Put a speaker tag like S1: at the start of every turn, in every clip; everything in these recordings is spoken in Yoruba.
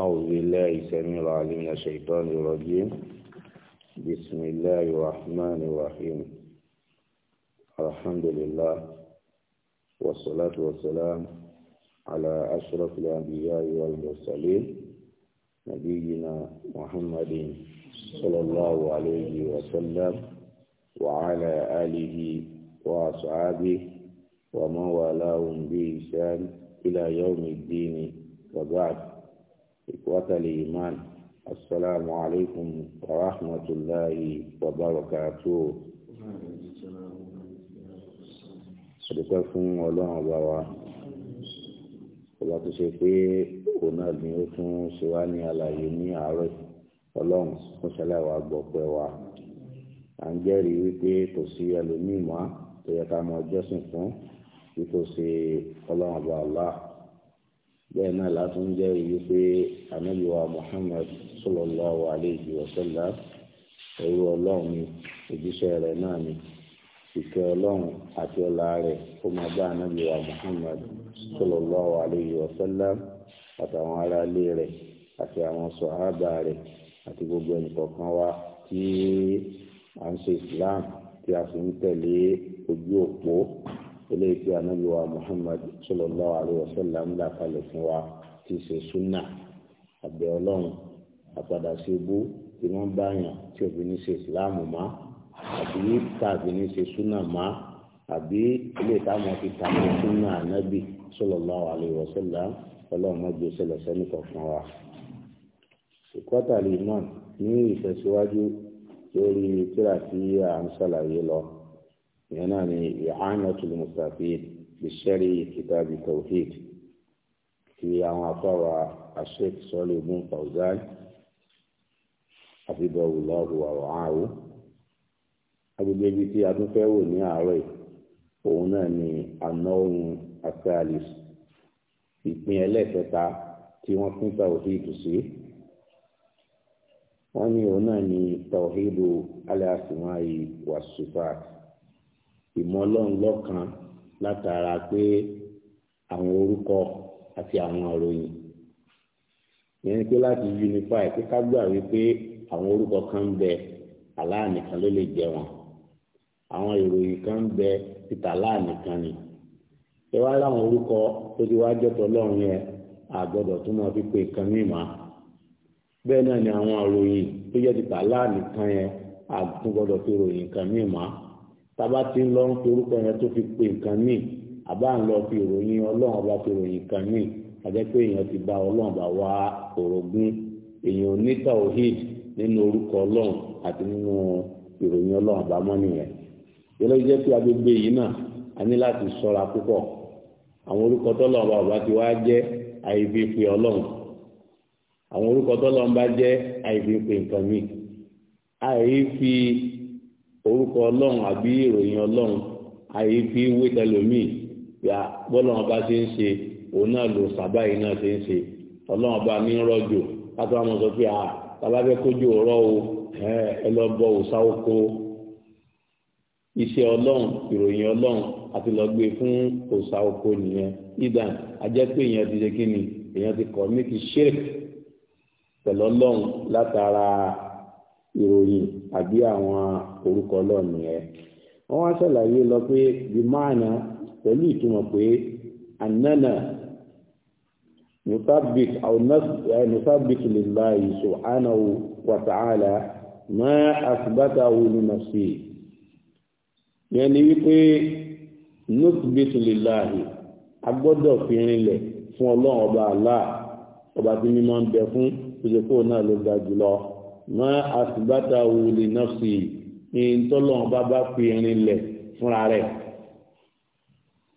S1: أعوذ بالله سميع العليم من الشيطان الرجيم بسم الله الرحمن الرحيم الحمد لله والصلاة والسلام على أشرف الأنبياء والمرسلين نبينا محمد صلى الله عليه وسلم وعلى آله وأصحابه ومن والاهم بإحسان إلى يوم الدين وبعد إخوة الإيمان السلام عليكم ورحمة الله وبركاته Adúpẹ́ fún ọlọ́run ọba wa, ọba tó ṣe pé òun náà ni ó tún ṣe wá ní àlàyé ní àárọ̀ ọlọ́run fún ṣẹlẹ́wà gbọ̀pẹ́ wa. À ń jẹ́rìí wípé kò sí ẹlòmíì mọ́ tó yẹ ká mọ ọjọ́sìn fún bí kò ṣe ọlọ́run ọba Allah bẹ́ẹ̀ náà látún jẹ́ èyí pé anábìwá Muhammad sallallahu alayhi wa sallam ẹ̀rú ọlọ́run ni òjíṣẹ́ rẹ̀ náà ni ìfẹ́ ọlọ́run àti ọlá rẹ̀ ó máa bá anábìwá Muhammad sallallahu alayhi wa sallam àtàwọn aráalé rẹ̀ àti àwọn sọ̀hábà rẹ̀ àti gbogbo ẹnìkọ̀ọ̀kan wa tí à ń ṣe Islam tí a fi ń tẹ̀lé ojú òpó eléyìí tí wa Muhammad sallallahu alaihi wasallam ń là kalẹ̀ fún wa ti ṣe súnà àbẹ̀ ọlọ́run àpàdà sí ibú tí wọ́n bá yàn tí òbí ní ṣe ìsìláàmù má àbí tàbí ní ṣe súnà má àbí ilé ìtàwọn ti tàbí súnà ànábì sallallahu alaihi wasallam ọlọ́run mọ́jú ṣẹlẹ̀ sẹ́ni kọ̀ọ̀kan wa. ìkọ́tàlì náà ní ìfẹ̀síwájú lórí tíra à ń ṣàlàyé lọ. يعني إعانة المستفيد بشري كتاب التوحيد في أعطى الشيخ صالح بن فوزان حفظه الله ورعاه agbègbè tí a tún fẹ́ wò ní àárọ̀ òun náà ni anáhùn asalis ìpín ẹlẹ́ẹ̀kẹta tí wọ́n pín tàwíìdù sí wọ́n ní òun náà ni tàwíìdù aláàsìmáyì wàsùfáàtì ìmọ̀ ọlọ́run lọ́kan látara pé àwọn orúkọ àti àwọn àròyìn ìyẹn ni pé láti unify pé ká gbà wípé àwọn orúkọ kan ń bẹ kan ló lè jẹ wọn àwọn ìròyìn kan ń bẹ títà aláàánìkan ni ẹ wá láwọn orúkọ tó ti wá pe nǹkan mímọ́ bẹ́ẹ̀ náà ni àwọn tó jẹ́ títà yẹn fi ròyìn tába ti ń lọ ń torúkọ yẹn tó fi pe nǹkan míì àbá ń lọ fi ìròyìn ọlọ́run ọba fi ròyìn nǹkan míì àjẹ́ pé èèyàn ti bá ọlọ́run bá wá orogún èèyàn ní tawhid nínú orúkọ ọlọ́run àti nínú ìròyìn ọlọ́run bá mọ́ nìyẹn yẹlẹ́ jẹ́ pé agbègbè yìí náà a ní láti ṣọ́ra púpọ̀ àwọn orúkọ tọ́lọ́run bá ọba ti wá jẹ́ àìfi pe ọlọ́run àwọn orúkọ tọ́lọ́run bá jẹ́ àìfi pe nǹkan míì àìfi orúkọ ọlọ́run àbí ìròyìn ọlọ́run àyè fi wé tẹlómìn yà bọ́lọ́run bá ṣe ń ṣe òun náà lò sábà yìí náà ṣe ń ṣe ọlọ́run bá ní rọ̀jò látọ̀ àwọn sọ pé à tábàbẹ́ kójú ọ̀rọ̀ o ẹ lọ bọ òòṣà iṣẹ́ ọlọ́run ìròyìn ọlọ́run àti lọ gbé fún òòṣà nìyẹn ìdàn ajẹ́ pé èèyàn ti ṣe kí ni èèyàn ti kọ́ ní ti ṣe pẹ̀lú ọlọ́run látara ìròyìn àbí àwọn orúkọ ọlọ́ọ̀nù yẹn wọ́n wá ṣàlàyé lọ pé bimáàna pẹ̀lú ìtumọ̀ pé anana nusabit aw eh, nusabit lillahi subhanahu wa ta'ala ma asbatahu li nafsi yẹn ni wípé nusabit lillahi agbọ́dọ̀ fi rinlẹ̀ fún ọlọ́run ọba Allah ọba tí mímọ́ ń bẹ fún tó náà ló ga jùlọ mọ́ àtúbátà wòlé náà sí i ní tọ́lọ́run bá bá fi irin lẹ̀ fúnra rẹ̀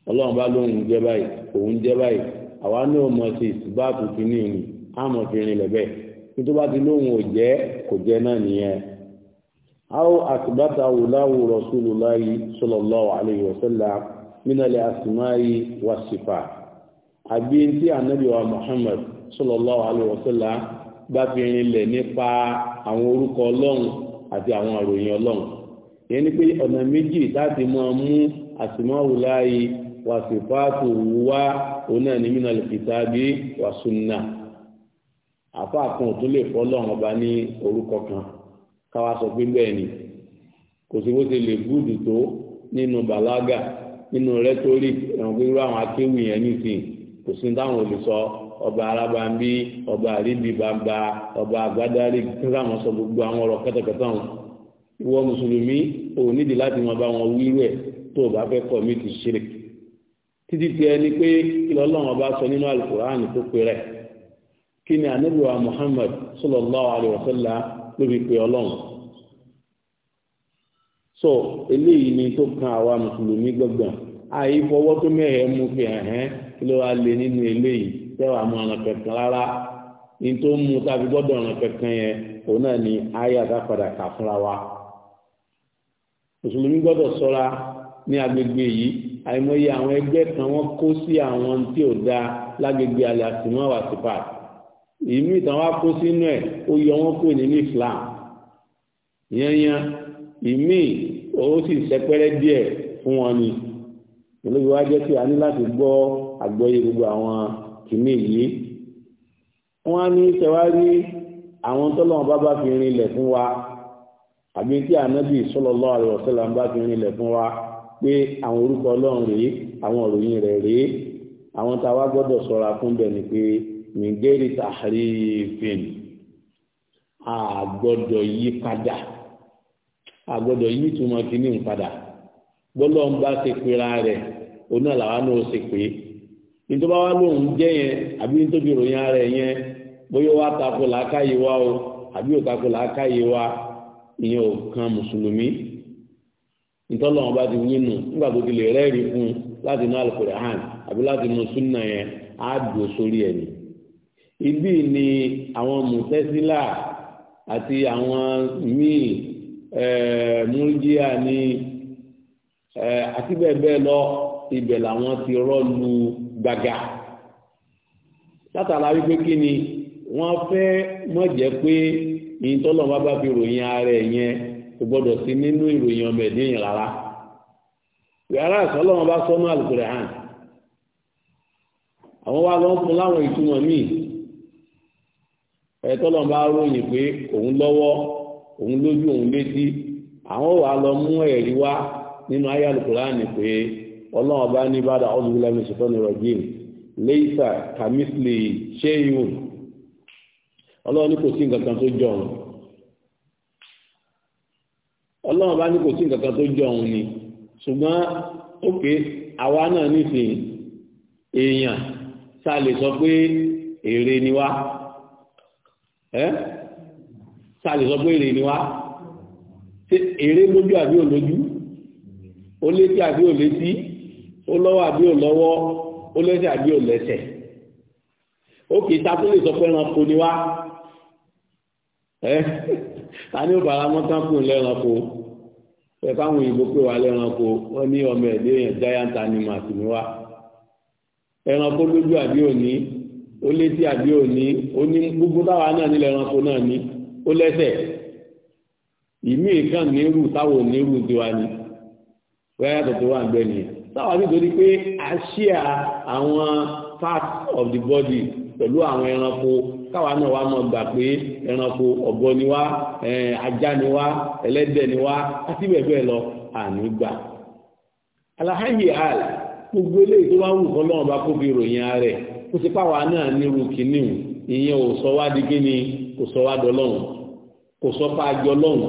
S1: ọlọ́run bá lóhùn jẹ́ báyìí òun jẹ́ báyìí àwa ní o mọ̀ sí ìsìbáàtù kìíní ni a mọ̀ fi irin lẹ̀ bẹ́ẹ̀ nítorí bá ti lóhùn ò jẹ́ kò jẹ́ náà nìyẹn. àwọn àtúbátà wòláwò Rasulullahi sallallahu alaihi wasallam mínàlẹ̀ àsìmáyì wàṣífà àbí tí ànábì wa Muhammad sallallahu alaihi wasallam bá fi rinlẹ̀ nípa àwọn orúkọ ọlọ́run àti àwọn àròyìn ọlọ́run ìyẹn ni pé ọ̀nà méjì láti máa mú àtìmọ́wùláyé wàsífàtò wá òun náà ní mínà kìtàbí wàsúnà àfa kan ò tún lè fọ́ ọlọ́run ọba ní orúkọ kan káwa sọ pé bẹ́ẹ̀ ni kò sí bó ṣe lè gúdù tó nínú bàlágà nínú rẹ́tórì ẹ̀wọ̀n pé àwọn akéwì yẹn nísìnyí kò sí táwọn olùsọ ọba arábàmbí ọba àríbi bàbá ọba àgbádárì kí ká mọ̀ sọ gbogbo àwọn ọ̀rọ̀ kẹ́tẹ̀kẹ́tẹ̀ wọn ìwọ mùsùlùmí ò nídìí láti máa bá wọn wíwú ẹ̀ tó o bá fẹ́ kọ̀ mí ti ṣe títí tí ẹni pé kí lọ́lọ́run ọba sọ nínú àlùkùránì tó pe rẹ̀ kí ni ànábìwá Muhammad sallallahu alaihi wasallam ló fi pe ọlọ́run so eléyìí ni tó kan àwa mùsùlùmí gbọ̀ngàn àìfọwọ́ tó mẹ́rẹ̀ẹ́ mú fi hàn án kí ló wá lé nínú eléyìí tẹ́wà mú ọ̀nà kankan rárá ní tó ń mú tàbí gbọ́dọ̀ ọ̀nà kankan yẹn òun náà ni ayé àdápadà kà fúnra wa mùsùlùmí gbọ́dọ̀ ṣọ́ra ní agbègbè yìí àìmọye àwọn ẹgbẹ́ kan wọ́n kó sí àwọn tí ò dáa lágbègbè alẹ́ àtìmọ́ wà sí pàt ìmú ìtàn wa kó sínú ẹ̀ ó yọ wọ́n kó nínú Islam yẹnyẹn ìmí ó sì sẹpẹrẹ díẹ̀ fún wọn ni olóbi wa jẹ́ pé a ní láti gbọ́ àgbọ́yé gbogbo àwọn kìíní yìí wọ́n á ní tẹwárí àwọn tọ́lọ́wọ́n bá bá fi rinlẹ̀ fún wa àbí tí ànábì sallallahu alaihi wasallam bá fi rinlẹ̀ fún wa pé àwọn orúkọ ọlọ́run rèé àwọn òròyìn rẹ̀ rèé àwọn tá a wá gbọ́dọ̀ sọ̀ra fún bẹ̀ ni pé mingeri tahrifin a gbọ́dọ̀ yí padà a gbọ́dọ̀ yí túmọ̀ kìíní padà gbọ́dọ̀ ń bá ṣe pera rẹ̀ oní àlàwà náà ṣe pé nítorí wá lóun jẹ́ yẹn àbí nítorí ìròyìn ara ẹ̀ yẹn bóyá wá tako làákàyè wa o àbí ò tako làákàyè wa ìyẹn ò kan mùsùlùmí nítorí wọn bá ti wínú nígbà tó ti lè rẹ́ẹ̀rí fún un láti inú Al-Qur'an àbí láti inú súnà yẹn á dùn sórí ẹ̀ ni ibi ni àwọn mùtẹ́sílà àti àwọn míì múlíjíà ní àti bẹ́ẹ̀ bẹ́ẹ̀ lọ ibẹ̀ làwọn ti rọ́ọ̀lù gbàgà látara wípé kí ni wọn fẹ́ mọ jẹ́ pé ìyíntọ́lọ́ bá bá fi ròyìn ara ẹ̀ yẹn kò nínú ìròyìn ọmọ ẹ̀dínyìn rárá yàrá ìsọlọ́wọ́n bá hàn àwọn wa lọ ń fún láwọn míì bá ròyìn pé òun lọwọ òun lójú òun létí àwọn wa lọ mú wá nínú ayé hàn pé ọlọ́run ọba ní bá dàá ọdún lẹ́nu ṣètò ní rọ̀gìn lẹ́yìísà kàmísìlì ṣéyún ọlọ́run ní kò sí nǹkan kan tó jọ òun ọlọ́run ọba ní kò sí nǹkan kan tó jọ òun ni ṣùgbọ́n òkè àwa náà nísìnyí èèyàn tá a lè sọ pé èrè ni wá ẹ́ tá a lè sọ pé èrè ni wá èrè lójú àbí òlójú ó létí àbí òlétí ó lọ́wọ́ àbí ò lọ́wọ́ ó lẹ́sẹ̀ àbí ò lẹ́sẹ̀ ó kì í takú lè sọ pé ẹranko ni wá ẹ ta ni ó bàrà mọ́tàn kù lẹ́ranko ẹ káwọn òyìnbó pé wà lẹ́ranko wọ́n ní ọmọ ẹ̀ léèyàn giant animal sì ni wá ẹranko lójú àbí òní ó létí àbí òní ó ní gbogbo táwa náà nílẹ̀ ẹranko náà ní ó lẹ́sẹ̀ ìmí ìkànnì rù táwọn òní rù tiwa ni wẹ́rẹ́ tuntun wà ń bẹ́ nìyẹn sáwà nítorí pé a ṣíà àwọn parts of the body pẹ̀lú àwọn ẹranko káwa náà wá mọ̀ gbà pé ẹranko ọ̀bọ ni wá ajá ni wá ẹlẹ́dẹ̀ ni wá àti bẹ́ẹ̀ bẹ́ẹ̀ lọ àní gbà. alahayi al gbogbo eléyìí tó bá wù kọ́ lọ́wọ́ bá kó fi ròyìn ara rẹ̀ kó ti pàwọ́ náà nírú kìnnìún ìyẹn ò sọ wá di kíni kò sọ wá dọlọ́run kò sọ fáájọ lọ́run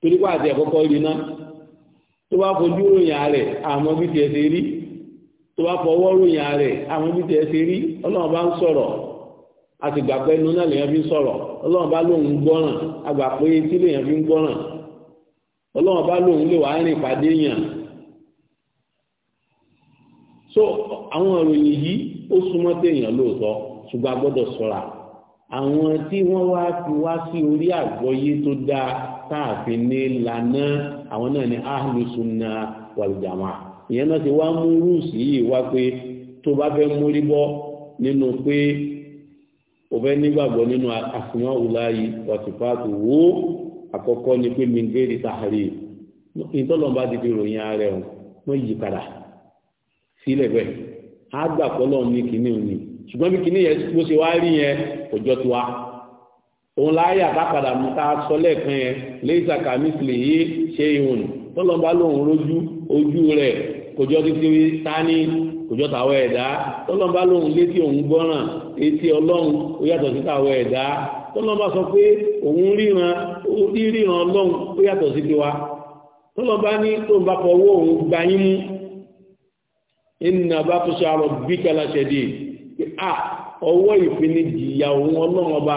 S1: torí pé àti rí náà tó bá fojú ròyìn ààrẹ àmọ́ bí tiẹ̀ ṣe rí tó bá fọwọ́ ròyìn ààrẹ àmọ́ bí tiẹ̀ ṣe rí ọlọ́run bá ń sọ̀rọ̀ a pé inú náà lèèyàn fi ń sọ̀rọ̀ ọlọ́run bá lóun gbọ́ràn a pé etí lèèyàn fi ń gbọ́ràn ọlọ́run bá lóun lè wá rìn pàdé yàn so àwọn ìròyìn yìí ó súnmọ́ téèyàn lóòótọ́ ṣùgbọ́n a gbọ́dọ̀ ṣọ́ra àwọn tí wọ́n wá fi wá sí orí àgbọ́yé tó dáa táàfin ní lana àwọn náà ní ahlu sunna wal jamaa ìyẹn náà ti wá mú rúùsì yìí wá pé tó bá fẹ́ múrí bọ́ nínú pé o fẹ́ nígbàgbọ́ nínú asmaa ulahi wa sifatu àkọ́kọ́ ni pé mingeri tahari ìtọ́lọ́mbà ti fi ròyìn ààrẹ o wọ́n yí padà sílẹ̀ bẹ́ẹ̀ á gbà pọ́lọ́ ní kinní òní ṣùgbọ́n bí kinní yẹn bó ṣe wá rí yẹn ọjọ́ tiwa òun láyà bá padà mú ta sọ lẹ́ẹ̀kan yẹn léyìísà kàmísìlì yìí ṣe ìhùn tó lọ́nba lòun rójú ojú rẹ̀ kòjọ́ títí tání kòjọ́ tàwọn ẹ̀dá tó lọ́nba lòun létí òun gbọ́ràn etí ọlọ́run ó yàtọ̀ sí tàwọn ẹ̀dá tó lọ́nba sọ pé òun ríran ríran ọlọ́run ó yàtọ̀ sí tiwa tó lọ́nba ní tó ń bá fọwọ́ òun gba yín mú ìnà tó ṣe àrọ̀ bí kẹlẹ́ ṣẹ̀dí ọwọ́ ìfinijìyà òun ọlọ́run ọba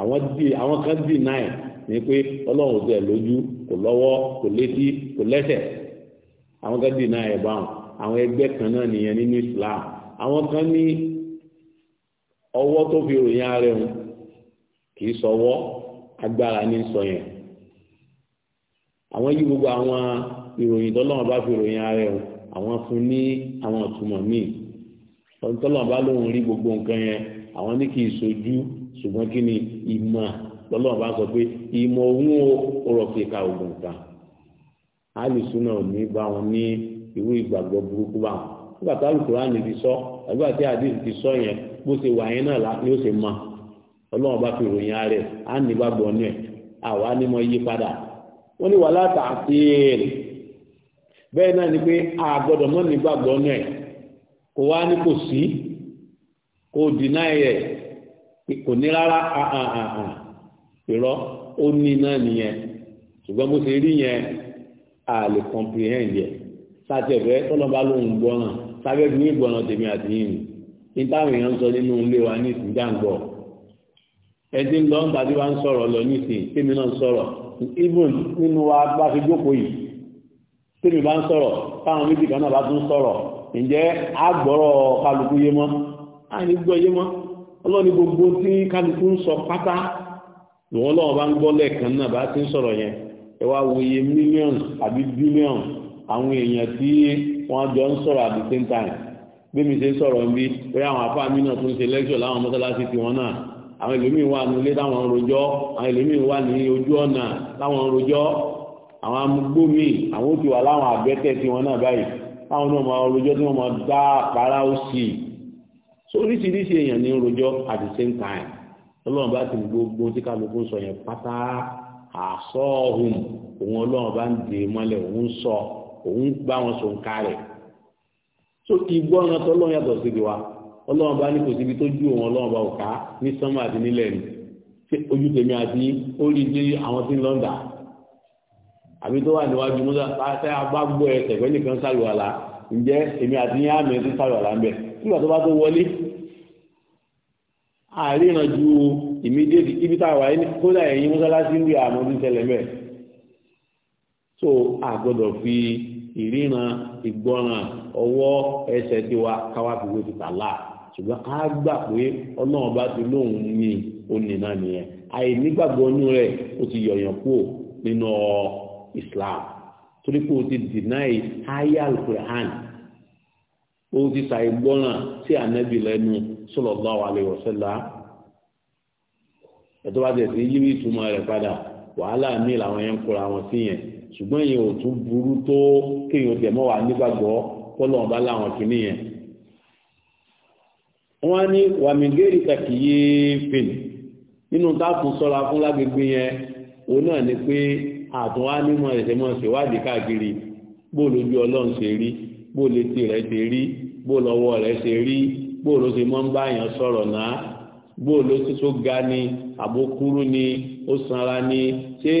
S1: àwọn dì àwọn kan dì náà ní pé ọlọ́run tẹ̀ lójú kò lọ́wọ́ kò létí kò lẹ́sẹ̀ àwọn kan dì náà ẹ̀ báwọn àwọn ẹgbẹ́ kan náà nìyẹn nínú Islam àwọn kan ní ọwọ́ tó fi ròyìn ara ẹ̀hún kì í sọwọ́ agbára ní sọ yẹn àwọn yí gbogbo àwọn ìròyìn tọ́lọ́run bá fi ròyìn ara ẹ̀hún àwọn fún ní àwọn ìtumọ̀ míì tọ́lọ́run bá lóun rí gbogbo nǹkan yẹn àwọn ní kì í sojú ṣùgbọ́n kí ni ìmọ̀ lọ́lọ́run bá sọ pé ìmọ̀ òun ò rọ̀ fi ka ògùn kan alùsùnà ò ní bá wọn ní ìwé ìgbàgbọ́ burúkú bá wọn nígbà tí alùkùrán ti sọ nígbà tí àdìsí ti sọ yẹn bó ṣe wà yẹn náà ni ó ṣe mọ ọlọ́run bá fi ròyìn ààrẹ á ní gbàgbọ́ ní ẹ̀ àwa ni mo yí padà wọ́n ní wàhálà tààtìrì bẹ́ẹ̀ náà ni pé a mọ́ ní gbàgbọ́ ní ẹ̀ kò wá ní kò sí kò dìnnáì ẹ̀ kò ní rárá ìrọ́ ó ní náà nìyẹn ṣùgbọ́n bó ṣe rí yẹn a lè comprehend yẹ sátẹ̀fẹ́ tọ́lọ́ba ló ń gbọ́ràn sábẹ́ fi ní ìgbọ́ràn tèmi àti yìí ní táwọn èèyàn ń sọ nínú ilé wa ní ìsìn dáńgbọ́ ẹtí ń lọ ń tàbí wá ń sọ̀rọ̀ lọ nísìn tèmi náà ń sọ̀rọ̀ even nínú wa bá fi jókòó yìí tèmi bá ń sọ̀rọ̀ táwọn méjì kan náà bá tún sọ̀rọ̀ ǹjẹ́ àgbọ̀rọ̀ kálukú yé mọ́ àní gbọ́ yé mọ́ ọlọ́ni gbogbo tí kálukú ń sọ pátá lọ́wọ́ lọ́wọ́ bá ń gbọ́ lẹ́ẹ̀kan náà bá ti ń sọ̀rọ̀ yẹn ẹ wá wòye mílíọ̀nù àbí bílíọ̀nù àwọn èèyàn tí wọ́n jọ ń sọ̀rọ̀ at the same time bí mi ṣe ń sọ̀rọ̀ ń bí bóyá àwọn afá mi náà tún ṣe lẹ́kṣọ̀ láwọn mọ́sálásí tiwọn náà àwọn ẹlòmíín wà nílé táwọn ń rojọ́ àwọn ẹlòmíín wà ní ojú ọ̀nà táwọn ń rojọ́ àwọn amúgbó àwọn ó wà láwọn àbẹ́tẹ̀ tiwọn náà báyìí táwọn náà máa rojọ́ tí wọ́n máa dá àpárá òsì so oríṣiríṣi èèyàn ní rojọ́ at the same time ọlọ́run bá ti gbogbo tí kálukú sọ yẹn pátá àsọ́ọ̀hùn òun ọlọ́run bá ń dè mọ́lẹ̀ òun sọ òun bá wọn sọ nǹka rẹ̀ so ìgbọràn tọ́lọ́run yàtọ̀ síbi wa ọlọ́run bá ní kò síbi tó ju òun ọlọ́run bá òkà ní sánmà àti nílẹ̀ ni ṣé ojú tèmi àti ó rí dé àwọn tí ń lọ́ndà àbí tó wà níwájú mọ́tà tá a bá gbọ́ ẹsẹ̀ pẹ́ nìkan sálùwàlà ǹjẹ́ èmi àti yín àmì ti sálùwàlà ń bẹ̀ nígbà tó bá tó wọlé àríran ju immediate ibi tá a wà ní kódà ẹ̀yìn mọ́sálásí ń rí àmọ́ ní tẹ́lẹ̀ mẹ́ so a gbọ́dọ̀ fi ìríran ìgbọràn ọwọ́ ẹsẹ̀ tí wa káwá fi wé títà láà ṣùgbọ́n a gbà pé ọlọ́run bá ti lóun ní onínà nìyẹn àìnígbàgbọ́ inú rẹ̀ ó ti yọ̀yàn kúò nínú Islam torí pé o ti deny higher Quran ó ti ṣàìgbọràn sí ànábì lẹ́nu sallallahu alaihi wasallam ẹ̀tọ́ bá tẹsí yíwí ìtumọ̀ rẹ̀ padà wàhálà míì làwọn yẹn ń kóra wọn sí yẹn ṣùgbọ́n yẹn ò tún burú tó kéèyàn tẹ̀ mọ́ wà nígbàgbọ́ kọlọ ọba láwọn kìíní yẹn wọn ní wàmíngérì kàkìyé fèlè nínú táàkùn ṣọ́ra fún lágbègbè yẹn òun náà ni pé àtúnwá nímọ̀ ẹ̀sẹ̀ mọ̀ ṣèwádìí káàkiri bóòlù ojú ọlọ́run ṣe rí bóòlù etí rẹ̀ ṣe rí bó lọ́wọ́ rẹ̀ ṣe rí bó ló ṣe mọ́ ń báyàn sọ̀rọ̀ náà bó ló ṣe tó ga ni àbókúrú ni ó sanra ni ṣé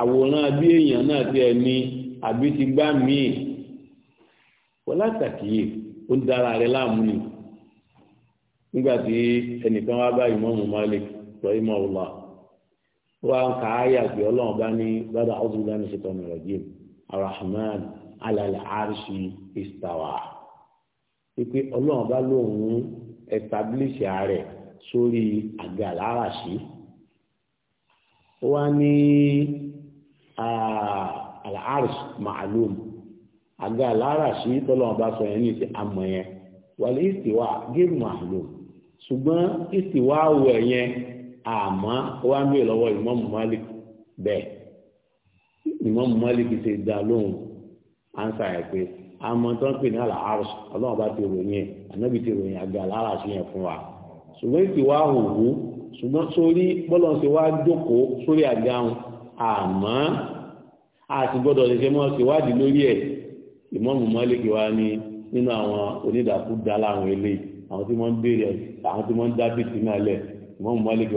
S1: àwòrán bí èèyàn náà ti ẹ̀ ni àbí ti gbá míì wọ́n látàkìyè ó ń dára rẹ̀ láàmú ni nígbà tí ẹnìkan wá bá ìmọ̀mù Malik lọ́yìn mọ́ ọ̀la wọ́n á kà á yà pé ọlọ́run bá ní bàbá ọdún lánàá ṣe tọ́nu rẹ̀ jìm Ar-Rahman alal arshi pípé ọlọ́run bá lóun establish ààrẹ sórí àgàláràṣí ó wá ní àláràṣí màálùm àgàláràṣí tọ́lọ́run bá sọ yẹn ní ti àmọ̀ yẹn wàlẹ́ ìsìwà géèmù màálùm ṣùgbọ́n ìsìwà àwọ̀ yẹn àmọ́ ó wá ń ìmọ̀mù Malik bẹ́ẹ̀ ìmọ̀mù Malik ti dá lóhùn ánsà ẹ̀ pé àmọ́ tó ń pè ní àlàárọ̀ ọlọ́run bá ti ròyìn ẹ̀ ànábì ti ròyìn àgbà lára sí yẹn fún wa ṣùgbọ́n ìtì wá òwú ṣùgbọ́n sórí bọ́lọ̀ ṣe wá jókòó sórí àga wọn àmọ́ àti gbọ́dọ̀ ṣe ṣe mọ́ ṣèwádìí lórí ẹ̀ ìmọ̀mù mọ́lẹ́kì wa ní nínú àwọn onídàkúdà láwọn ilé àwọn tí wọ́n ń béèrè àwọn tí wọ́n ń dábì sí náà ìmọ̀mù mọ́lẹ́kì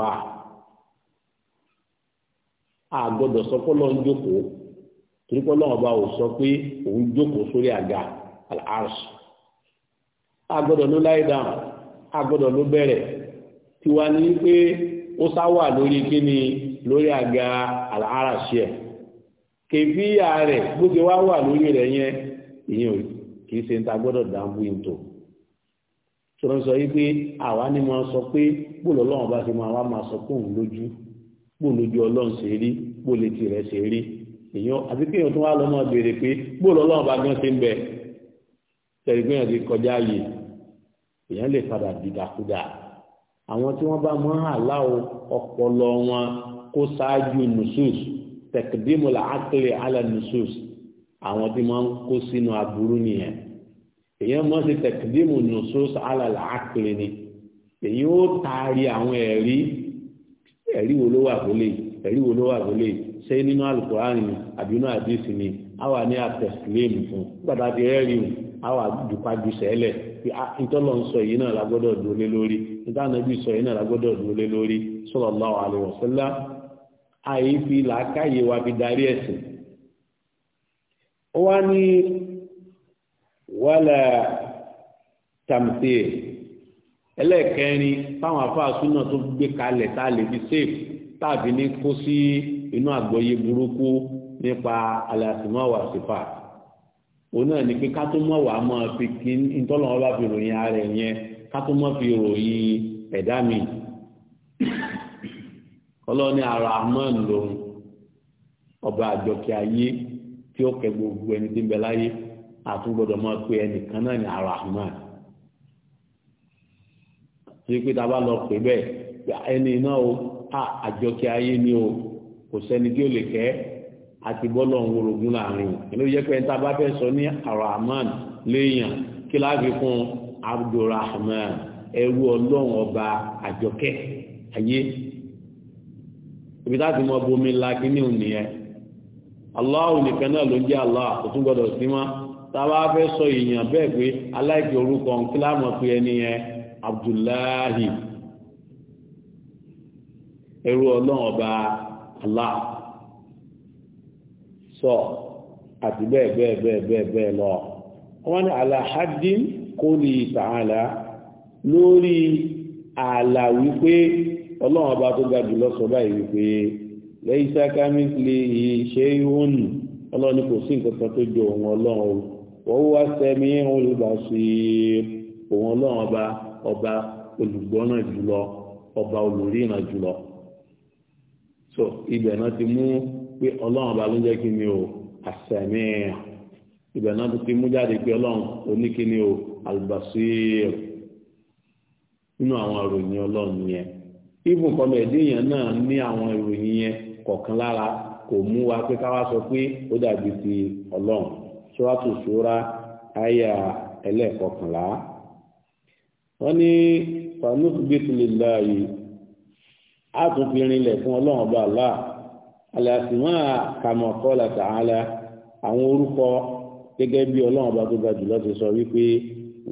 S1: wa ní àgbọ́dọ̀ sọ pé Ọlọ́run jókòó torí pé Ọlọ́run ọba ò sọ pé òun jókòó sórí àga al-arsh àgbọ́dọ̀ ló láì dáhùn àgbọ́dọ̀ ló bẹ̀rẹ̀ tí wàá ní pé ó sá wà lórí kíni lórí àga al kèfíyà rẹ̀ bó ti wá wà lórí rẹ̀ yẹn ìyẹn kì í ṣe ń ta gbọ́dọ̀ dáńbú ìtò tí wọ́n sọ yìí pé àwa ni wọ́n sọ pé bó lọ́lọ́run bá ti máa wá máa sọ pé òun lójú bó lójú ọlọ́run ṣe rí bó lè tirẹ̀ ṣe rí èèyàn àti pé èèyàn tó wá lọ́mọ béèrè pé bó lọ́lọ́run bá gán ṣe ń bẹ tẹ̀lé pé èèyàn ti kọjá yìí èèyàn lè padà dìdàkudà àwọn tí wọ́n bá mọ́ àláwo ọpọlọ wọn kó ṣáájú nusus tẹkidimu la akele ala nusus àwọn tí wọ́n kó sínú aburú nìyẹn èèyàn mọ́ sí tẹkidimu nusus ala la akele ni èèyàn ó taari àwọn ẹ̀rí ẹ̀rí wo ló wà fún lè ẹ̀rí wo ló wà fún lè ṣé nínú alukurani ni àbí nínú àdìsí ni àwa ní àtẹ̀sílẹ̀mù fún gbàdá ti rẹ́rì hù àwa dùpájú sẹ́lẹ̀ pé ìtọ́lọ̀ ah, ń sọ yìí náà la gbọ́dọ̀ dúró lé lórí ìtànàbí sọ yìí náà la gbọ́dọ̀ dúró lé lórí sallallahu alaihi wasallam àyè fi làákàyè wa fi darí ẹ̀sìn ó wá ní wàlà tàmtìrì ẹlẹ́ẹ̀kẹrin táwọn afáàsù náà tó gbé kalẹ̀ tá a lè fi sèf tàbí ní kó sí inú àgbọ́yé burúkú nípa alásùmọ́ wà sífà òun náà ni pé kátómọ́ wà á máa fi kí ntọ́lọ́wọ́ bá fi ròyìn ara ẹ̀ yẹn fi ròyìn ẹ̀dá mi lòun ọba àjọkẹ́ ayé tí ó kẹ gbogbo ẹni tí ń bẹ láyé máa pe tí pé ta bá lọ pè bẹ́ẹ̀ ẹni iná o àjọkẹ́ ayé ni o kò sẹ́ni tí ó lè kẹ́ àti bọ́lọ̀ ń worogún láàrin inú yẹ pé ta bá fẹ́ sọ ní arahman léèyàn kí láàfin fún abdulrahman ẹrú ọlọ́run ọba àjọkẹ́ ayé ibi táti mọ bomi ńlá kíní òun nìyẹn aláwo nìkan náà ló ń jẹ́ aláwo àkótún gbọ́dọ̀ sí mọ́ tá a bá fẹ́ sọ èèyàn bẹ́ẹ̀ pé aláìkè orúkọ nkílámọ̀ pé ẹni yẹn abdullahi ẹrú ọlọ́run ọba allah sọ àti bẹ́ẹ̀ bẹ́ẹ̀ bẹ́ẹ̀ bẹ́ẹ̀ bẹ́ẹ̀ lọ wọ́n ní alahadin kóòlì ta'ala lórí ààlà wípé ọlọ́run ọba tó ga jùlọ sọ báyìí wípé lẹ́yìísá kámílì ṣe ìhún ọlọ́run ní kò sí nǹkan tó jọ òun ọlọ́run wọ́n wá sẹ́mi ìhún olùbàṣì òun ọlọ́run ọba ọba olùgbọ́ràn jùlọ ọba olùríran jùlọ so ibẹ̀ náà ti mú pé ọlọ́run ọba ló jẹ́ kí ni o àsẹ̀mí ibẹ̀ náà ti mú jáde pé ọlọ́run oníkíní o albasir nínú àwọn ìròyìn ọlọ́run yẹn ibùn kọlọ ẹ̀dínyàn náà ní àwọn ìròyìn yẹn kọ̀ọ̀kan lára kò mú wa pé káwá sọ pé ó dàbí ti ọlọ́run ṣọ́wátò ṣọ́ra àyà ẹlẹ́ẹ̀kọkànlá wọ́n ní fanúkúbítìlélàyé a tún fi rinlẹ̀ fún ọlọ́run ọba Allah alàsìmọ́ kàmọ̀kọ́ làtàhálà àwọn orúkọ gẹ́gẹ́ bí ọlọ́run ọba tó ga jùlọ ti sọ wípé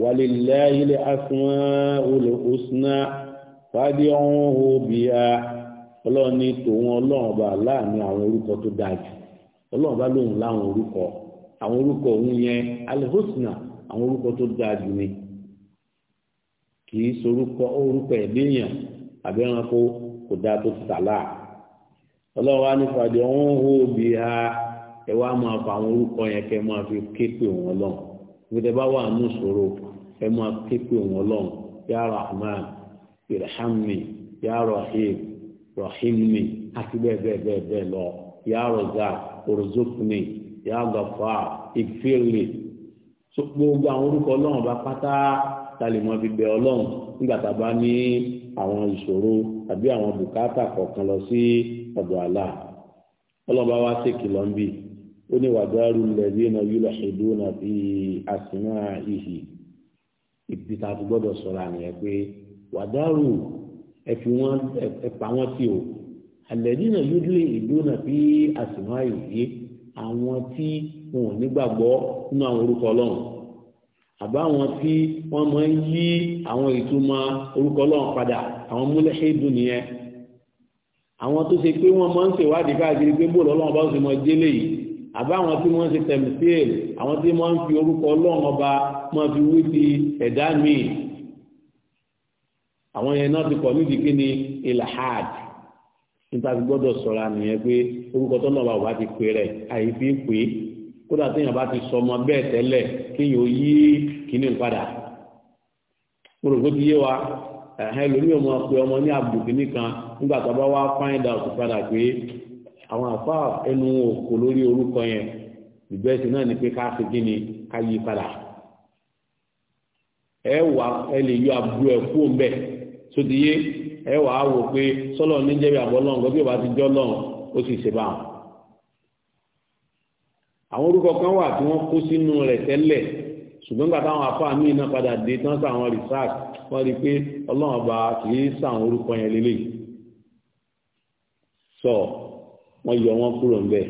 S1: walillahi al-asma'ul husna fad'uhu biha ọlọ́run ní tòun ọlọ́run ọba Allah ní àwọn orúkọ tó dáa jù ọlọ́run bá lóun láwọn orúkọ àwọn orúkọ òun yẹn al-husna àwọn orúkọ tó dáa jù ni. kì sorúkọ orúkọ ẹ̀dẹ́yàn àbí ẹranko kò dáa tó ti tàlà ọlọ́run wá ní ọ̀hún hó bí ha ẹ wá máa fa àwọn orúkọ yẹn kẹ máa fi wọn lọ gbẹdẹ bá wà nù sòrò ẹ máa wọn rahim rahimmi àti bẹ́ẹ̀ bẹ́ẹ̀ bẹ́ẹ̀ bẹ́ẹ̀ lọ ya razak orzokni gbogbo àwọn orúkọ ọlọ́run bá ta lè mọ fi bẹ ọlọ́run nígbà tá a bá ní àwọn ìṣòro tàbí àwọn bùkátà kọ̀ọ̀kan lọ sí ọ̀dọ̀ Allah ọlọ́run bá wá sí ìkìlọ̀ ń bì ó ní wàdárù lẹ́bí iná yúlọ̀ ṣèdúró náà fi àsìmá ìhì ìpìtà tó gbọ́dọ̀ sọ̀rọ̀ àníyàn pé wàdárù ẹ fi wọn ẹ pa wọn tì o àlẹ́bí iná yúlọ̀ ìdúró náà fi àsìmá ìhì àwọn tí wọn ò nígbàgbọ́ nínú àwọn orúkọ ọlọ́run àbáwọn tí wọ́n máa ń yí àwọn ìtumọ̀ orúkọ ọlọ́run padà àwọn múlẹ̀ ṣéèdù nìyẹn àwọn tó ṣe pé wọ́n máa ń ṣèwádìí káàkiri pé bóòlù ọlọ́run bá ṣe mọ délé yìí àbáwọn tí wọ́n ṣe tẹ̀mísíèlì àwọn tí wọ́n fi orúkọ ọlọ́run ọba máa fi wí ti ẹ̀dá míì àwọn yẹn náà ti kọ̀ nídìí kí ni ilahad níta ti gbọ́dọ̀ sọ̀rọ̀ àmì yẹn pé orúkọ tọ́lọ́ kódà téèyàn bá ti sọmọ bẹ́ẹ̀ tẹ́lẹ̀ kéèyàn ó yí kíní padà mo rò pé ti yé wa ẹ̀hẹ́ lórí ọmọ pé ọmọ ní àbùkù kíní nígbà tó bá wá find out padà pé àwọn àfa ẹnu òkò lórí orúkọ yẹn ìgbẹ́sìn náà ni pé ká ṣe kíni ká yí padà ẹ wà ẹ lè yọ àbúrò ẹ kú ọ̀nbẹ sódìyé ẹ wà á wò pé sọlọ níjẹbi àbọlọ́n gbọ́dọ̀ bá ti jọ́ lọ́n ó sì ṣe báwọn
S2: àwọn orúkọ kan wà tí wọ́n kó sínú rẹ̀ tẹ́lẹ̀ ṣùgbọ́n gbàtà àwọn afá mi náà padà dé tán sáwọn research wọ́n rí pé ọlọ́run ọba kì í sáwọn orúkọ yẹn
S1: lélẹ̀ sọ wọ́n yọ wọn kúrò ńbẹ̀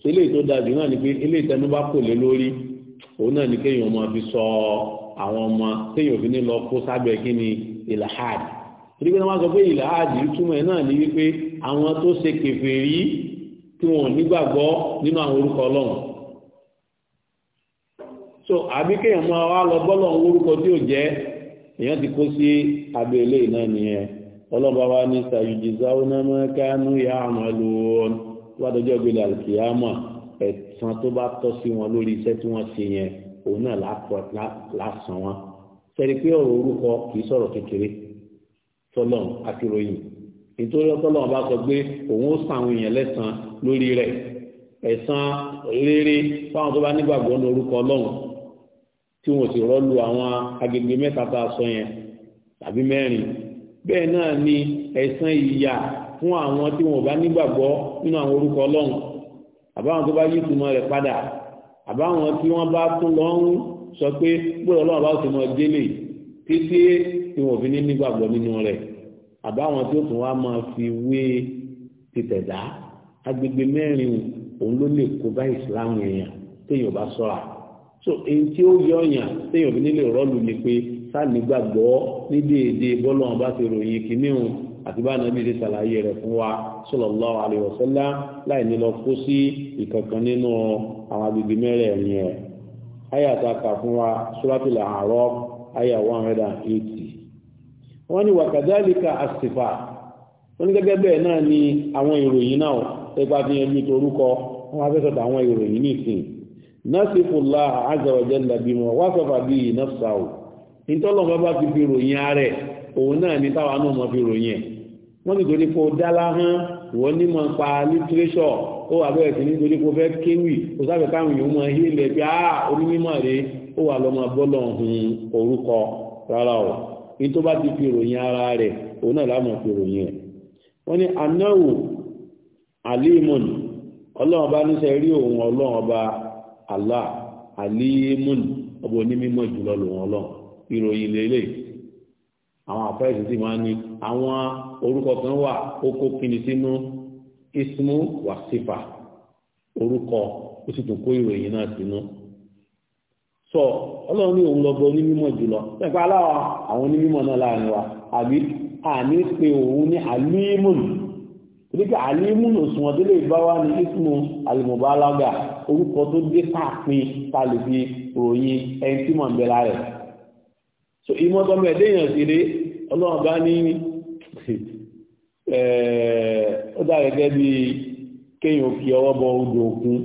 S1: ṣé eléyìí tó náà ni pé eléyìí tẹnu bá kò lé lórí òun náà ni kéèyàn ọmọ fi sọ àwọn ọmọ téèyàn òfin ní lọ kó sábẹ́ kí ni ilahad torí pé wọ́n sọ pé ilahad túmọ̀ ẹ̀ náà ni wípé àwọn tó ṣe kèfèrí tí wọn ò nígbàgbọ́ nínú àwọn orúkọ ọlọ́run so àbí kéèyàn máa wá lọ bọ́lọ̀ orúkọ tí ò jẹ́ èèyàn ti kó sí abẹ́ ilé náà nìyẹn ọlọ́ba wa ní sàyùjìzá onámọ́kánú ya àmàlù wọn wádọjọ́ ìgbélé àlùkìyàmọ̀ ẹ̀san tó bá tọ́ sí wọn lórí iṣẹ́ tí wọ́n ṣe yẹn òun náà lásán wọn sẹ́ni pé ọ̀rọ̀ orúkọ kìí sọ̀rọ̀ kékeré tọ́lọ̀ àti nítorí ọtọ́lọ̀ bá sọ pé òun ó sàwọn èèyàn lẹ́san lórí rẹ̀ ẹ̀san rere fáwọn tó bá nígbàgbọ́ ní orúkọ ọlọ́run tí wọn sì rọ́lu àwọn agbègbè mẹ́ta tá a sọ yẹn tàbí mẹ́rin bẹ́ẹ̀ náà ni ẹ̀san ìyà fún àwọn tí wọn bá nígbàgbọ́ nínú àwọn orúkọ ọlọ́run àbáwọn tó bá yí ìtumọ̀ rẹ̀ padà àbáwọn tí wọ́n bá tún lọ ń sọ pé gbọ́dọ̀ ọlọ́run bá tún mọ délé títí tí wọn fi ní nígbàgbọ́ nínú rẹ̀ àbáwọn tí ó tún wá máa fi wé títẹ̀dá agbègbè mẹ́rin òun ló lè kó bá ìsìláàmù èèyàn téèyàn bá sọ́ra so èyí tí ó yọ ọ̀yàn téèyàn fi nílé rọ́ọ̀lù ni pé sáàlì gbàgbọ́ ní déédéé bọ́lá wọn bá ti ròyìn kìíní àti bá nàbí ti ṣàlàyé rẹ̀ fún wa sallallahu alaihi wasallam láì ní lọ kó sí ìkankan nínú àwọn agbègbè mẹ́rẹ̀ẹ̀rin ẹ̀ àyà tá a kà fún wa suratul A'raf àyà one hundred and eighty wọ́n ní wàkàdálíkà àsìfà wọ́n ní gẹ́gẹ́ bẹ́ẹ̀ náà ni àwọn ìròyìn náà ẹgbàá fi yanjú torúkọ wọ́n wá fẹ́ sọ̀tọ̀ àwọn ìròyìn nìsín násìfòlá àzọ̀rọ̀jẹ́ làbímọ̀ wáṣọ̀fà bí i nọ́fṣà ò nítọ́lọ́mọ́ bá ti fi ròyìn ààrẹ òun náà ní táwa náà mọ́ fi ròyìn ẹ̀ wọ́n ti torí pé ó dálá hán wọ́n ní mọ̀ pa lítírẹ́ṣọ̀ ó wà bẹ́ẹ̀ sí nítorí pé ó fẹ́ kéwì ó sábẹ̀ káwọn èèyàn mọ̀ hí ilẹ̀ pé áà ah, onímọ̀ rẹ ó wà lọ́mọ bọ́lọ̀ hun orúkọ rárá o ní tó ti fi ròyìn ara rẹ̀ òun náà lámọ̀ fi ròyìn ẹ̀ wọ́n ní anáwó ọlọ́run ọba níṣẹ́ rí òun ọlọ́run ọba Allah alimun ọba onímọ̀ jùlọ lòun ọlọ́run ìròyìn lélẹ̀ àwọn àfẹ́sì sì máa ní àwọn orúkọ kan wà oko kìíní sínú ismu wàsífà orúkọ ó sì tún kó ìròyìn náà sínú sọ ọlọ́run ní òun lọ́gbọ́ onímọ̀ jùlọ pẹ̀pẹ́ aláwa àwọn onímọ̀ náà láàrin wa àbí àní pé òun ní alimun nígbà alimun òṣùwọ̀n tó lè bá ní ismu alimubalaga orúkọ tó dé káàpin ta lè fi ròyìn ẹni tí mọ̀ ń bẹ̀rẹ̀ rẹ̀ so ìmọ̀tọ́mọ ẹ̀dẹ́ èèyàn sì ré ọlọ́run bá ní ó dà gẹ́gẹ́ bí kéèyàn fi ọwọ́ bọ odò òkun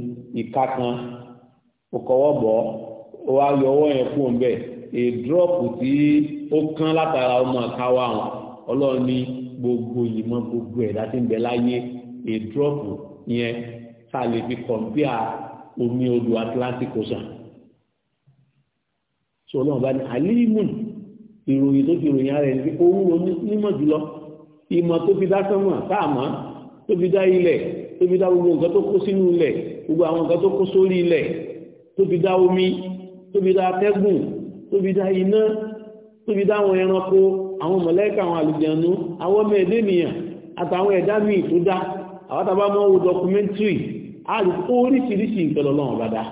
S1: ìka kan ó kọwọ́ bọ̀ ó wá yọ ọwọ́ yẹn kúrò ń bẹ̀ èdúrọ́pù tí ó kán látara ọmọ àkáwá àwọn ọlọ́run ní gbogbo ìmọ̀ gbogbo ẹ̀dá tí ń bẹ láyé èdúrọ́pù yẹn tá lè fi kọ̀ǹpíà omi odò Atlantic Ocean so ọlọ́run bá ní àlímù ìròyìn tó fi ròyìn ara ẹni pé òun ló nímọ̀ jùlọ ìmọ̀ tó fi dá sánmọ̀ táàmọ́ tó fi dá ilẹ̀ tó fi dá gbogbo nǹkan tó kó sínú ilẹ̀ gbogbo àwọn nǹkan tó kó sórí ilẹ̀ tó fi dá omi tó fi dá atẹ́gùn tó fi dá iná tó fi dá àwọn ẹranko àwọn mọ̀lẹ́kà àwọn àlùjànnú àwọn ọmọ ẹ̀dẹ́ nìyàn àtàwọn ẹ̀dá míì tó dá àwọn tàbá mọ́ wo documentary a rí oríṣiríṣi nǹkan lọ́lọ́run bá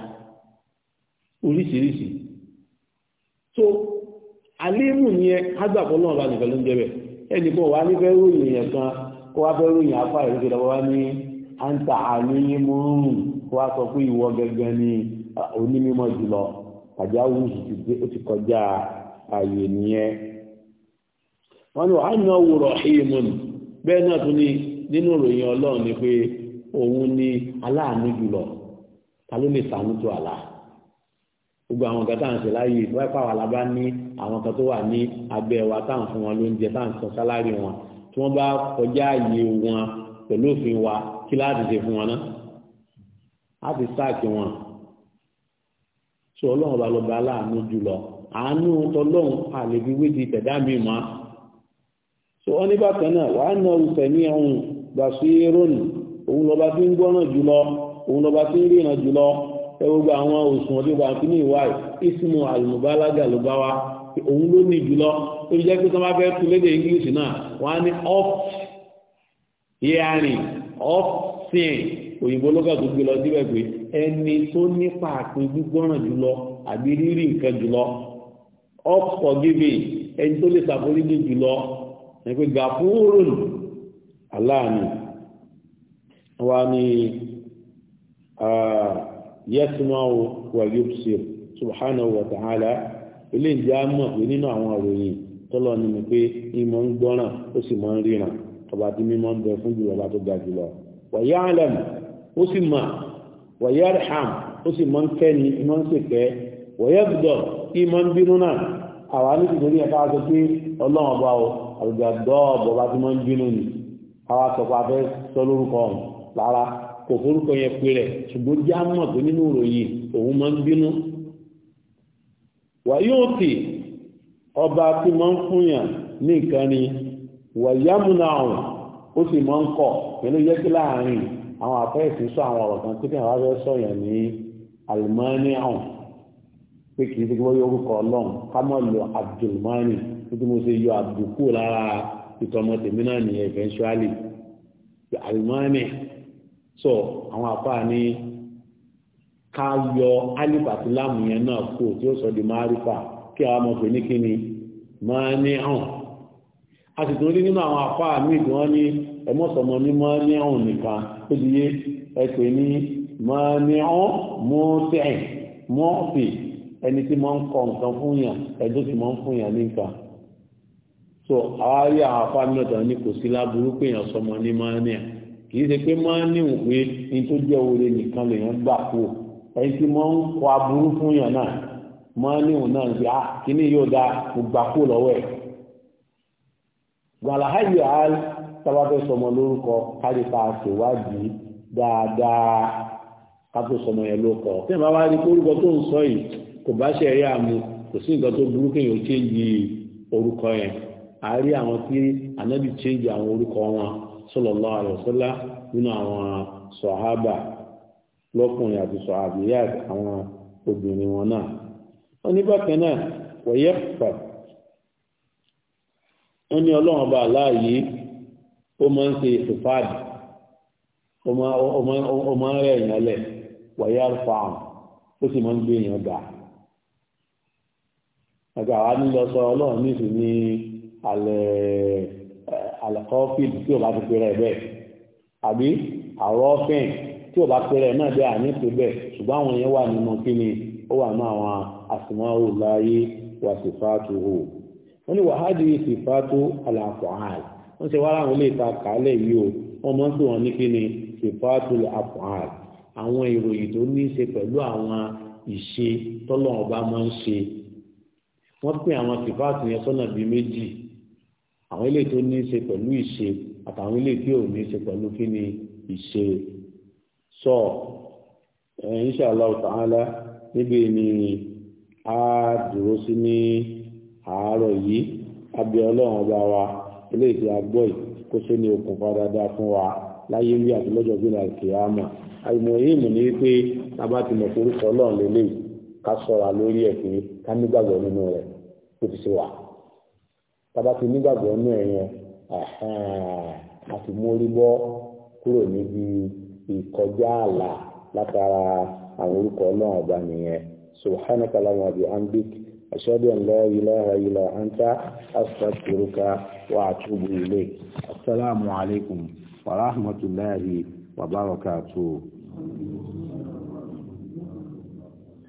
S1: oríṣiríṣi àléébù náà bá nìkan ló ń ẹnìkan wà ní fẹ́ ròyìn èèyàn kan kó wá ròyìn ìrìnkè lọ́wọ́ wá ní àǹtà àníyímọ́rùn kó wá sọ pé ìwọ gẹ́gẹ́ kọjá ààyè nìyẹn wọn ni wàá bẹ́ẹ̀ náà tún ní nínú ìròyìn ọlọ́run òun ni aláàánú jùlọ ta ló lè sàánú tó àlá gbogbo àwọn kan tá à ń ṣe láàyè wáyé pàwọn alábá ní àwọn kan tó wà ní abẹ́ wa tá à ń fún wọn lóúnjẹ tá à ń sọ sálárì wọn tí wọ́n bá kọjá ààyè wọn pẹ̀lú òfin wa kí láti ṣe fún wọn náà á sáàkì wọn tí ọlọ́run bá lọ́ba aláàánú jùlọ àánú tọlọ́run àlèbí wíjì tẹ̀dá mi mọ́ so wọ́n ní bákan náà wàá náà sẹ́ni ọ̀hún gbàsúyé rónìí òun lọba tí ń gbọ́ràn jùlọ òun lọba tí ń ríran jùlọ ẹ gbogbo àwọn òsùn ọdún bá fi ìwà ìsìnmù ló bá wa òun ló ní jùlọ ó jẹ́ pé sọ́mọ́ fẹ́ tún lédè english náà wọ́n á ní off hearing òyìnbó lọ́gà tó gbé lọ síbẹ̀ pé ẹni tó nípa àpín jùlọ àbí rírì nǹkan jùlọ wá ní yasmau wa yubsir subhanahu wa ta'ala ilé ìjà mọ̀ pé nínú àwọn àròyìn tọ́lọ́ ni pé ìmọ̀ ń gbọ́ràn ó sì mọ̀ ń ríran ọba tí mímọ́ ń bẹ fún jùlọ bá tó ga jùlọ wa ya'lam ó sì mọ̀ wa ó sì mọ̀ ń kẹ́ni ìmọ̀ ń ṣèkẹ́ wa yabdo ìmọ̀ ń bínú náà àwa ní ìdórí ẹ̀ka sọ pé ọlọ́run ọba o àgbàdo ọ̀bọ̀ bá ti mọ̀ ń bínú ni àwa sọ pé sọ lórúkọ ọ̀hún rárá kò forúkọ yẹn pé rẹ̀ ṣùgbọ́n já mọ̀ pé nínú ìròyìn òun máa ń bínú wà yóò tì ọba tí máa ń fúnyàn ní nǹkan ni wà yámúnà ọ̀hún ó sì máa ń kọ̀ pẹ̀lú yẹ́kí láàrin àwọn àfẹ́ẹ̀sì sọ àwọn ọ̀rọ̀ kan pípẹ́ àwọn afẹ́ sọ̀yàn ní alimani ọ̀hún pé kì í ti gbọ́ orúkọ ọlọ́run ká mọ̀ lọ abdulmani títí mo ṣe yọ àbùkù lára ìtọ́mọ náà nìyẹn eventually alimani so àwọn àfa ni ká yọ alif àti láàmù yẹn náà kú tí ó sọ di márífà kí àwọn ọmọ pè ní kíni máa ní hàn a sì tún rí nínú àwọn àfa mi gan ni ẹmọ́sọ̀mọ́ ní máa ní hàn nìkan ó di yé ẹ pè ní máa ní hàn mọ́ tẹ̀ mọ́ fè ẹni tí máa ń kọ nǹkan fún yàn ẹjọ́ tí máa ń fún yàn ní nǹkan so àwárí àwọn afá mẹ́ta ní kò sí láburú pé èèyàn sọmọ ní máa ní à kìí ṣe pé máa níwò pé ní tó jẹ́ oore nìkan lèèyàn gbà kú ẹni tí wọ́n ń kọ aburú fún yàn náà máa níwò náà ń pè á kíní yóò da kò gbà kú lọ́wọ́ ẹ̀. gbàlàhàyè àl tábàfẹ́ sọmọ lórúkọ káríta ṣèwádìí dáadáa kátó sọmọ yẹn ló tí ìmọ̀ wá rí orúkọ tó ń sọ yìí kò bá ṣe ẹ̀rí àmú kò sí nǹkan tó burú kéèyàn ó ṣe yí orúkọ yẹn a rí àwọn tí anábì change àwọn orúkọ wọn sallallahu alaihi nínú àwọn sọ̀hábà lọ́kùnrin àti sọ̀hábìyà àwọn obìnrin wọn náà wọn ní bákan náà wọ̀yẹ́ pà wọ́n ní ọlọ́run ọba aláàyè ó máa ń ṣe ìfòfáàdì ó máa ń rẹ̀ èèyàn lẹ̀ ó sì máa ń gbé èèyàn àgbà wa nílọ sọ ọlọ́run nísìnyí alẹ́ alẹ́kọ́fíìlì tí o bá ti pèrè bẹ́ẹ̀ àbí àrọ́fìn tí o bá pèrè náà bẹ́ẹ̀ àní pé bẹ́ẹ̀ ṣùgbọ́n àwọn yẹn wà nínú kí ni ó wà nínú àwọn àsìmọ́rò láyé wà sí fàtó hù wọ́n ní wàhádì sí fàtó àlàfààl wọ́n wọ́n mọ̀ àwọn ìròyìn yẹn sọ́nà bíi méjì àwọn ilé tó ní í ṣe pẹ̀lú ìṣe àtàwọn ilé tí ò ní í ṣe pẹ̀lú kí ni ìṣe sọ insha Allah ta'ala níbi ni a dúró sí ní àárọ̀ yìí abẹ ọlọ́run ọba wa ilé tí a gbọ́ yìí kó ṣe ní okùnfà dáadáa fún wa láyé wí àti lọ́jọ́ gbé náà kì í á mọ̀ àìmọ̀ yìí mọ̀ ní pé tábà ti mọ̀ orúkọ ọlọ́run lélẹ́yìí ká sọ̀ra lórí ẹ̀ pé ká nígbàgbọ́ nínú rẹ̀ tó ti ṣe wà tàbá ti nígbàgbọ́ nú ẹ̀ yẹn a ti mórí bọ́ kúrò níbi ìkọjá ààlà látara àwọn orúkọ ọlọ́run ọba nìyẹn subhanaka allahumma wa bihamdik ashhadu an la ilaha illa anta astaghfiruka wa atubu ilayk assalamu alaikum wa rahmatullahi wa barakatuh